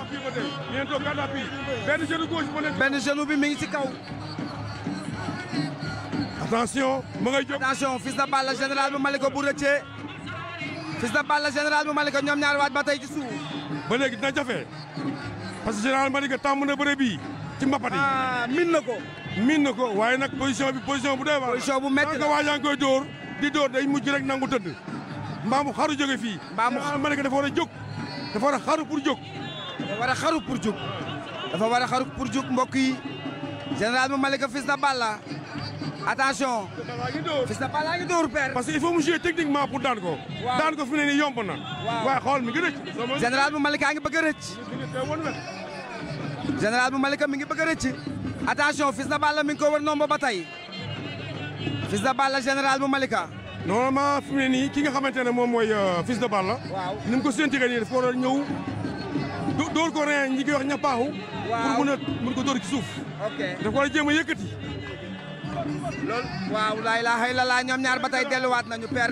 Speaker 1: benn genou bi mi ngi ci kaw attention ma ngay jóg attention Fils de Balla général bu Malika bu rëccee Fils ñoom ñaari waat ba tey ci suuf ba léegi dina jafe parce que général Malika tàmm na bëre bii ci mbapat yi. Ah,
Speaker 2: na ko. min na ko waaye nag position bi position bu doy waar. position bu métti la waa yaa ngi koy dóor di dóor
Speaker 1: day mujj rek nangu tëdd. mbaamu xaru jóge fii. mbaamu général Malika dafa a a xaru pour jóg. dafa war a xaru pour jóg. war a xaru pour jóg mbokk yi. général Malika fils na Balla. attention. fils na Balla ngi dóor père. parce que il mu jouer techniquement pour daan ko. daan ko fi mu ne nii yomb na. waaye xool mi ngi rëcc. général Malika général bu Malika mi ngi bëgg a rëcc attention Fils Balla mi ngi ko wër ba tey Fils Balla général bu Malika. normalement fi mu nii ki nga xamante ne moom mooy euh, Fils de Balla. waaw ni mu ko séntu nii daf ko war ñëw dóor ko ren ñi koy wax ñappaaxu. waaw pour ko dóor ci suuf. ok daf a jéem waaw laay laa xëy la ñoom ñaar ba waat na nañu per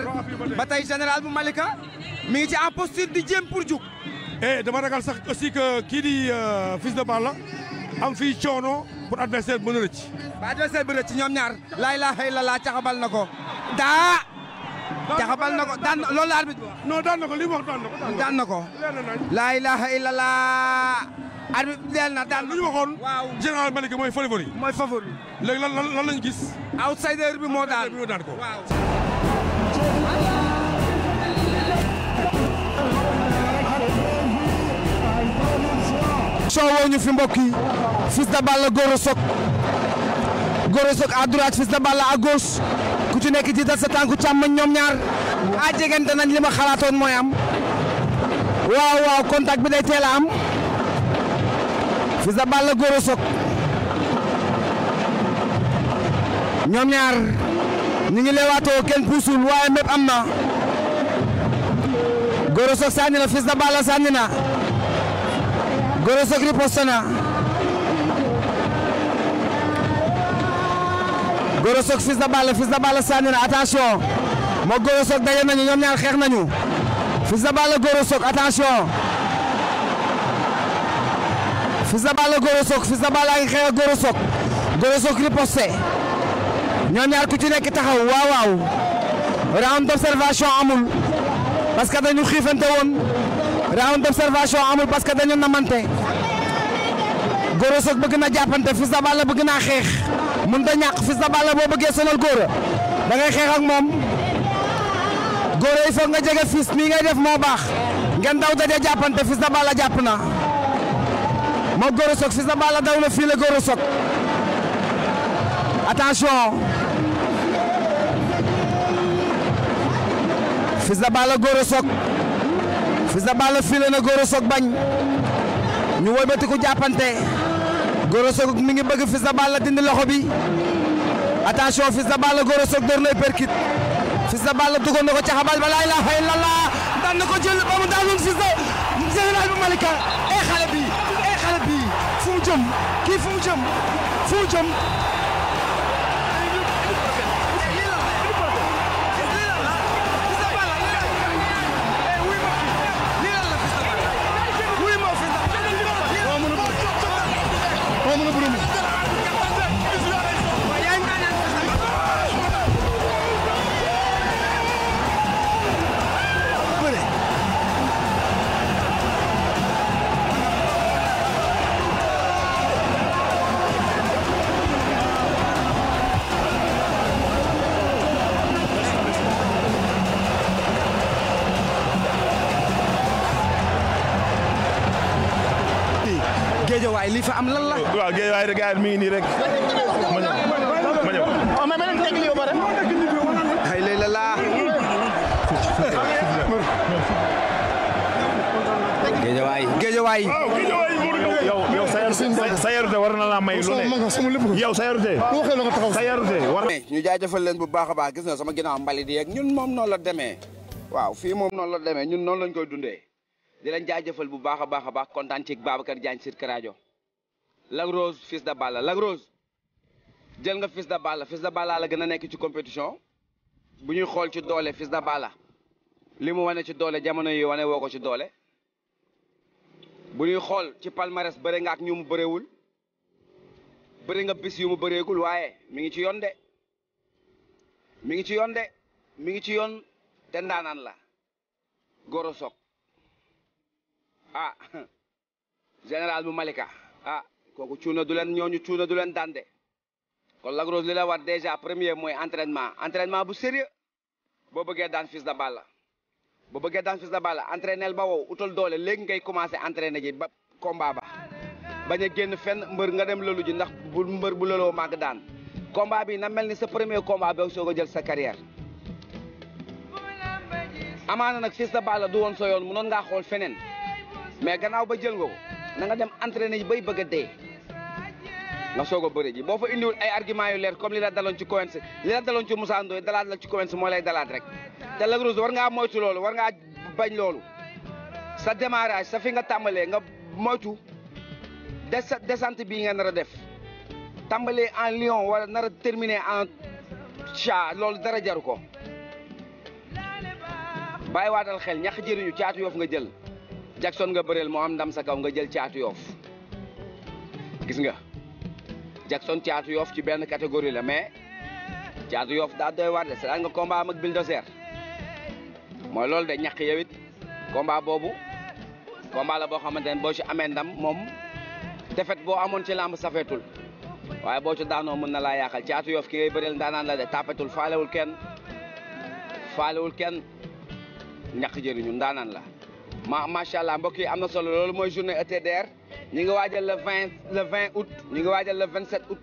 Speaker 1: ba tey général bu Malika mi ngi ci en di jéem pour jug. et eh, dama ragal sax aussi que kii di euh, Fils de am fii coono pour adversaire bu mën a rëcc. ba adversaire bu rëcc ñoom ñaar. laa ilaaha illallaah caxabal na ko. daa. caxabal na ko daan loolu la arbitre non daan na ko li mu wax daan na ko. daan na laa ilaaha illallaah. arbitre na daan na ko lu ñu waxoon. waaw général mooy favori. mooy favori. léegi lan lan lañ gis. outsider bi moo daan bi moo daan ko. coowoo ñu fi mbokk yi Fils de Balla Gora Sock Gora Sock à droite Fils de Balla à gauche ku ci nekk jiital sa tànku càmmoñ ñoom ñaar a jegante nañ li ma xalaatoon mooy am waaw waaw contact bi day teel a am Fils de Balla Gora Sock
Speaker 2: ñoom ñaar ñu ngi leewaatoo kenn puusul waaye mépp am na Gora Sock sànni na Fils de Balla sànni na Gora Sock riposte na Gora Sock Fils de Balla Fils de Balla sànni na attention moo Gora Sock daje nañu ñoom ñaar xeex nañu Fils de Balla Gora Sock attention
Speaker 1: Fils de Balla Gora Sock Fils a ngi xeex ak Gora Sock Gora Sock riposte ku ci nekk taxaw waaw waaw round d'observation amul parce que dañu xiifante woon round d'observation amul parce que dañu namante bëgg na jàppante Fils de Balla bëgg naa xeex mun ta ñàkk Fils de bëggee sonal Gora da ngay xeex ak moom Gora il faut nga jege Fils nii ngay def moo baax ngeen daw daje jàppante Fils de Balla na moo Gora Sock Balla daw fii la Gora Sock attention Fils de Balla Gora Fils de Balla file na Gora Sock bañ ñu wëlbatiku jàppante Gora Sock mi ngi bëgg Fils de Balla dindi loxo bi attention Fils de Balla Gora Sock door na perkit Fils de Balla duggoon na ko ca xabal ba laa ilaaha illallah daan na ko jël ba mu daanoon Fils de général
Speaker 2: bu Malika ee eh, xale bi ee eh, xale bi fu mu jëm kii fu
Speaker 1: géejawaay li fa am lan la. rek gars yi mi ngi nii rek.
Speaker 4: ma
Speaker 2: ñëw ma ñëw. waaw oh, mais lay la laa. géejawaay. géejawaay.
Speaker 1: yow war na laa may lu ne yow sa yarute sa yarute war na leen bu baax baax gis na sama ginnaaw mbalit yeeg ñun moom noonu la demee waaw fii moom noonu la demee ñun noonu lañ koy dundee di leen jaajëfal bu baax a baax a baax kontaan ci Babacar Diagne Cirque Radio lagros Rose fils de Balla Lac Rose jël nga fils de Balla fils de Balla la gën a nekk ci compétition bu ñuy xool ci doole fils da bala li mu wane ci doole jamono yi wane woo ko ci doole bu ñuy xool ci palmarès bëre nga ak ñu mu bërewul bëri nga bis yu mu bëreegul waaye mi ngi ci yoon de mi ngi ci yoon de mi ngi ci yoon te ndaanaan la Gora Sock ah général bu Malika ah kooku cuuna du leen ñooñu cuuna du leen dande kon Lac li la war déjà premier mooy entraînement entraînement bu sérieux boo bëggee daan Fils da Balla boo bëggee daan Fils de Balla entraînel ba wow utal doole léegi ngay commencé entraîner ji ba combat ba bañ a génn fenn mbër nga dem lolu ji ndax bu mbër bu loloo màgg daan combat bi na mel ni sa premier combat bi soo ko jël sa carrière amaana nag Fils de Balla du woon sa yoon mu mënoon ngaa xool feneen mais gannaaw ba jël nga na dem entraîner ji bay bëgg a nga soog a bëri boo fa indiwul ay argument yu leer comme li la daloon ci Coence li la daloon ci Moussa Ndoye dalaat la ci Coence moo lay dalaat rek te Lac Rose war ngaa moytu loolu war ngaa bañ loolu sa démarrage sa fi nga tàmbalee nga moytu des descente bii nga nar a def tàmbalee en lion wala nar a en chat loolu dara jaru ko bàyyiwaatal xel ñax jëriñu caatu yoof nga jël Jackson nga bëreel moo am ndam sa kaw nga jël caatu yoof nga Jackson Thiatou Yoff ci benn catégorie la mais Thiatou Yoff daa doy waar de seetaan nga combat am ak mooy loolu de ñàkk yow it boobu combat boo xamante ne boo ci amee ndam moom defet boo amoon ci lamb safeetul waaye boo ci daanoo mën na laa yàqal Thiatou Yoff ki ngay bëreel ndaanaan la de tapetul faalewul kenn faalewul kenn ñàkk jëriñu ndaanaan la ma macha allah mbokk yi am na solo loolu mooy journée ETDR ñu ngi waajal la vingt le 20 août ñu ngi waajal le cinq août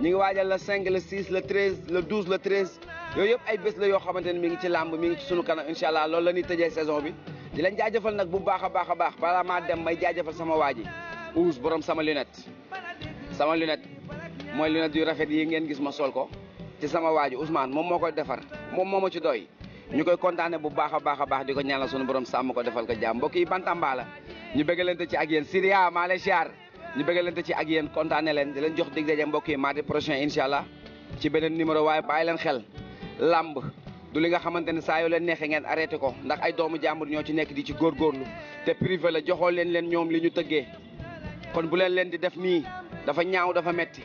Speaker 1: ñu ngi waajal le 5 le 6 le 13 le 12 le 13 yooyu yëpp ay bés la yoo xamante ne mi ngi ci làmb mi ngi ci sunu kanam incha allah la ñuy tëjee saison bi di leen jaajëfal nag bu baax a baax a baax balaa maa dem may jaajafal sama waa ji uus borom sama lunette sama lunette mooy lunette yu rafet yi ngeen gis ma sol ko ci sama waa ji moom moo koy defar moom moo ma ci doy ñu koy kontaane bu baax a baax a baax di ko ñaanal sunu borom sàmm ko defal ko jàmm mbokk yi Bantamba la ñu bëggalante ci ak yéen Syria maa lay siyaar ñu bëggalante ci ak yéen kontaane leen di leen jox dig daje mbokk yi mardi prochain incha allah ci beneen numéro waaye bàyyi leen xel làmb du li nga xamante ne saa yoo leen neexee ngeen arrêté ko ndax ay doomu jàmbur ñoo ci nekk di ci góorgóorlu te privé la joxoo leen leen ñoom li ñu tëggee kon bu leen leen di def nii dafa ñaaw dafa metti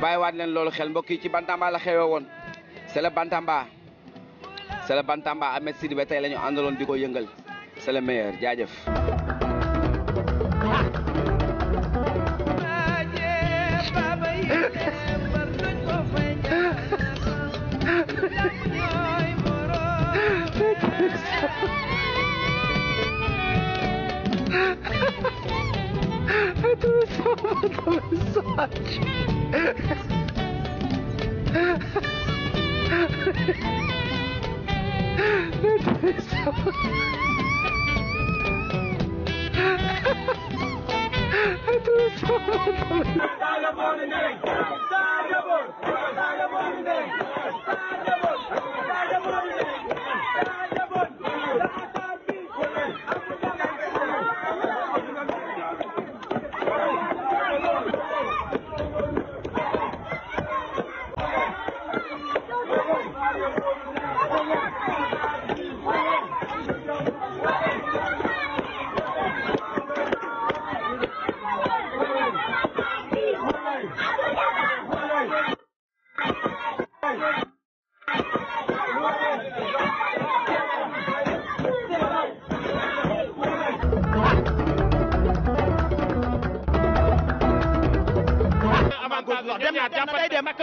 Speaker 1: bàyyiwaat leen loolu xel mbokk yi ci bantamba la xewee woon c'est le bantamba c'est le bantamba Ahmed Sidibé tey la ñu àndaloon di ko yëngal le meilleur jaajëf
Speaker 4: Tudo sorte. Meu Deus do céu. É tudo sorte. Vagabond! la takk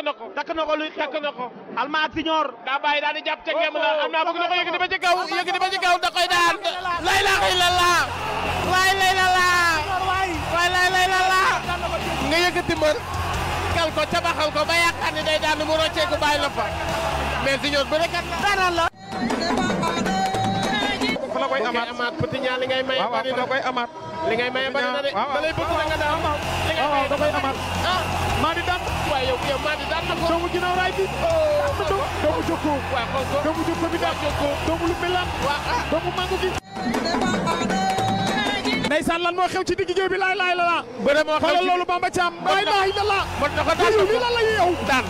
Speaker 2: na ko takk na almaat siñoor daa bàyyi daal di jàpp ca la oh, am naa bëgg ko yëg di ci kaw yëg di ci kaw da koy daan la ilaha illallah la ilaha illallah nga yëkkati mër kal ko tabaxal ko ba yaakaar day daan mu rocceeku bàyyi la fa mais siñoor bu rekat la fa li ngay maye bari na de da lay bëgg nga daan li ngay maye da koy amaat ah maa di daan waaye yow yow maa di daan na ko doomu ginnaaw raay bi oh, doomu jokko doomu jokko bi moo xew ci digg géew laay laay la moo xew ci loolu Bamba Thiam la ilaha illallah daan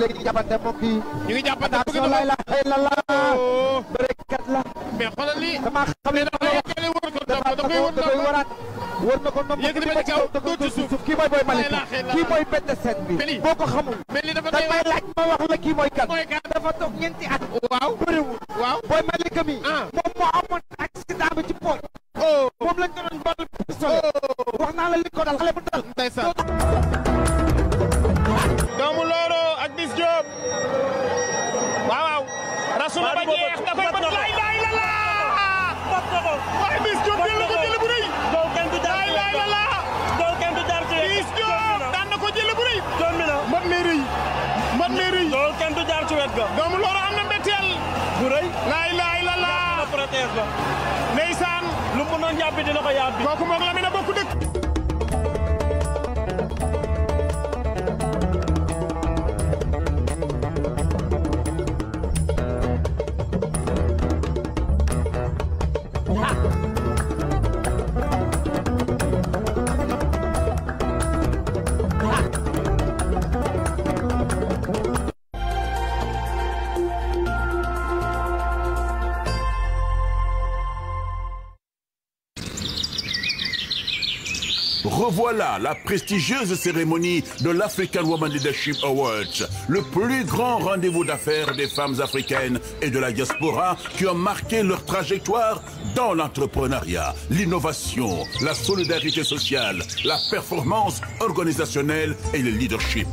Speaker 1: léegi jàppante mbokk yi. ñu ngi jàppante bëgg na la la oh. bërekat la.
Speaker 2: mais xoolal lii. damaa xam ne dafa koy waraat. wër na ko ndox mi ngi ci kaw dugg ci suuf kii mooy booy Malika kii mooy bette seen bi boo ko xamul. da may laaj ma wax la kii mooy kan. dafa toog ñeenti at. waaw bëriwul. waaw booy Malika mi. Ah. moom moo amoon accident bi ci pool. Oh. moom lañ ko doon bal pistolet.
Speaker 1: Oh. wax
Speaker 2: naa la li ko dal xale bu dal. ba lu mu mënoon yàbbi ko yàbbi kooku moom la mën a dëkk
Speaker 5: voilà la prestigieuse cérémonie de l'African Women Leadership Awards, le plus grand rendez-vous d'affaires des femmes africaines et de la diaspora qui ont marqué leur trajectoire dans l'entrepreneuriat, l'innovation, la solidarité sociale, la performance organisationnelle et le leadership.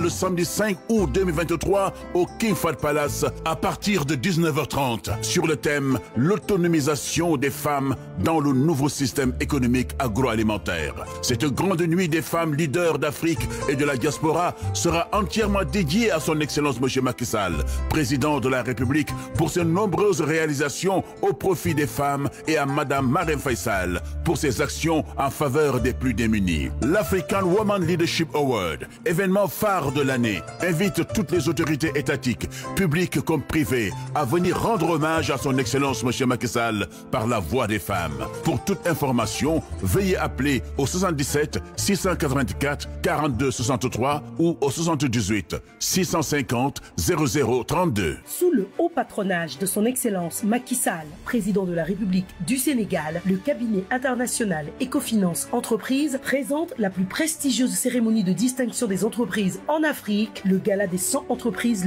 Speaker 5: le samedi 5 août 2023 au King Fahd Palace à partir de 19h30 sur le thème l'autonomisation des femmes dans le nouveau système économique agroalimentaire. Cette grande nuit des femmes leaders d'Afrique et de la diaspora sera entièrement dédiée à son excellence Monsieur Macky Sall, président de la République, pour ses nombreuses réalisations au profit des femmes et à Madame Marème Faye pour ses actions en faveur des plus démunis. L'African Women Leadership Award, événement phare de l'année, invite toutes les autorités étatiques, publiques comme privées, à venir rendre hommage à par la voix des femmes. Sésame. Pour toute information, veuillez appeler au 77 684 42 63 ou au 78 650 00 32.
Speaker 6: Sous le de son Excellence Macky Sall, président de la République du Sénégal, le cabinet international Ecofinance Entreprises présente la plus prestigieuse cérémonie de distinction des entreprises en Afrique, le gala des 100 entreprises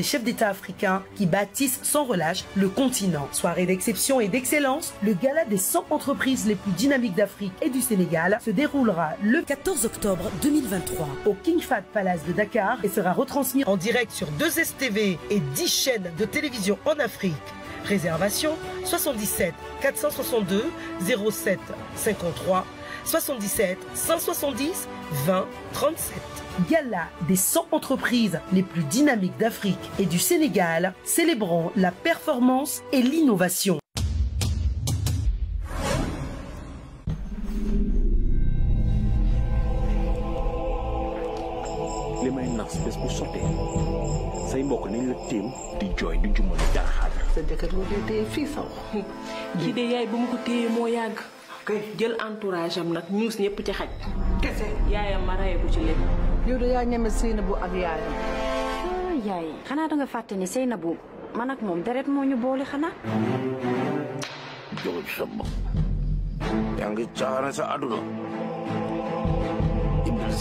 Speaker 6: des chefs d'État africains qui le continent. Soirée d'exception et d'excellence, le gala des 100 entreprises les plus dynamiques d'Afrique et du Sénégal se déroulera le 14 octobre 2023 au King Fat direct sur 2 de télévision en Afrique. Réservation 77 462 07 53 77 570 20 gala des 100 entreprises les plus dynamiques d'Afrique et du Sénégal, célébrant la performance et l'innovation.
Speaker 3: li may nax bés di jooy di jumali dara xaar.
Speaker 6: sa
Speaker 7: jëkkër yaay ba mu ko téye moo yàgg. kay jël entourage am nag ñuus ñëpp ci xaj. kese yaayam ma rayé ko ci lépp. yow de yaa ñeme Seynabou ak yaayam. ah yaay xanaa danga fàtte ni Seynabou man ak moom deret moo ñu boole xanaa.
Speaker 2: yaa ngi caaxaan sa àdduna. ibbil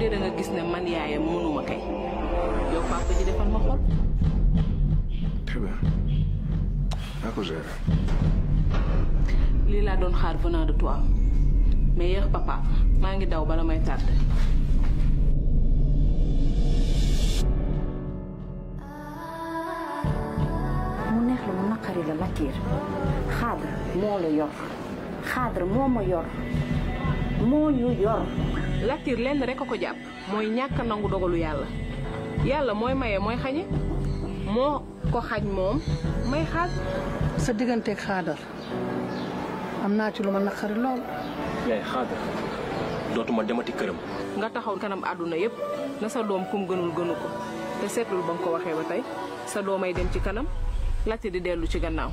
Speaker 7: dee da gis ne man yaayam mënuma kay. yow papa ji defal ma xol. très lii laa doon xaar venant de toi. mais yéex papa maa ngi daw bala may tardé. mu neex la mu naqari la Latir xaadar moo la yor xaadar moo ma yor moo ñu yor. Latir lenn rek a ko jàpp mooy ñàkk nangu dogalu yàlla yàlla mooy maye mooy xañe moo ko xañ moom may xaar. sa digganteeg xaadar am naa ci lu ma naqari lool. yaay xaadar
Speaker 2: dootuma demati këram.
Speaker 7: nga taxaw kanam àdduna yëpp na sa doom kum gënul gënu ko te seetlul ba nga ko waxee ba tey sa doomay dem ci kanam laajte di dellu ci gannaaw.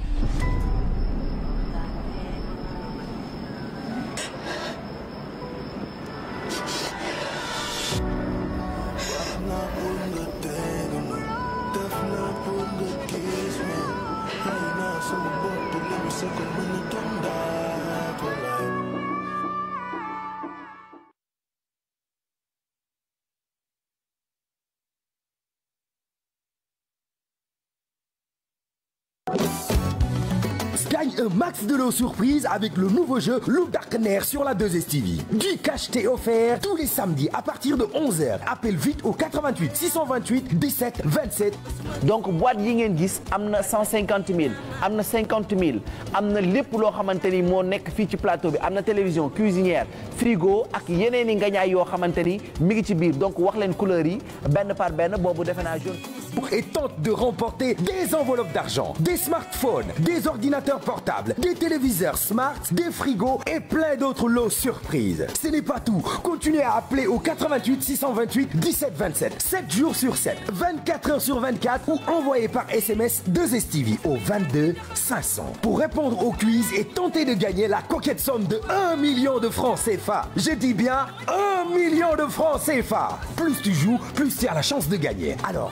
Speaker 4: Gagne un max de lots surprises avec le nouveau jeu Lu Dakk Neex sur la 2STV. Du cash t'est offert tous les samedis à partir de 11h. Appelle vite au 88 628 17 27. Donc boîte yi ngeen gis am na
Speaker 1: 150 000 am na 50 000 am na lépp loo xamante ni moo nekk fii ci plateau bi am na télévision cuisinière frigo ak yeneen i ngañaay yoo xamante ni mi ngi ci biir donc wax leen couleur yi benn par benn boobu defe naa jaune. et tente
Speaker 4: de remporter des enveloppes d'argent, des smartphones, des ordinateurs portables, des téléviseurs smart, des frigos et plein d'autres lots surprises. Ce n'est pas tout. Continuez à appeler au 88 628 17 27, 7 jours sur 7, 24 heures par SMS 2 Estivie au 22 500 pour répondre au quiz et tenter de gagner la coquette somme de 1 million de francs CFA. Je dis bien 1 million de francs CFA. Plus tu joues, plus tu as la chance de gagner. Alors,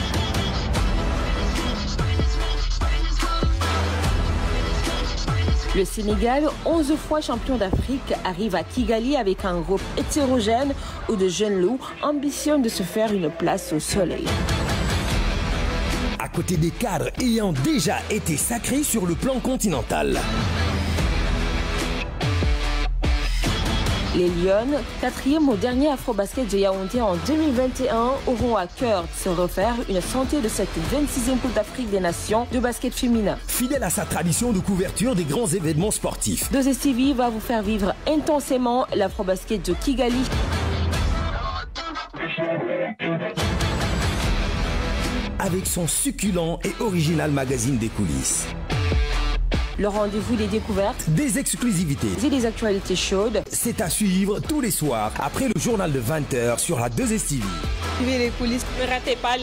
Speaker 7: Le Sénégal, 11 fois champion d'Afrique, arrive à Kigali avec un groupe hétérogène où de jeunes loups ambitionnent de se faire une place au soleil.
Speaker 4: À côté des cadres ayant déjà été sacrés sur le plan continental.
Speaker 7: Les Lyonnes, quatrième au dernier Afrobasket de Yaoundé en 2021, auront à cœur de se refaire une e Coupe d'Afrique des Nations de basket féminin.
Speaker 4: Fidèle à sa tradition de couverture des grands événements et original magazine des coulisses.
Speaker 6: le
Speaker 7: rendez-vous des découvertes,
Speaker 4: des exclusivités et des
Speaker 7: actualités chaudes.
Speaker 4: C'est à suivre tous les soirs après le journal de 20h sur la 2STV.
Speaker 7: ne ratez pas.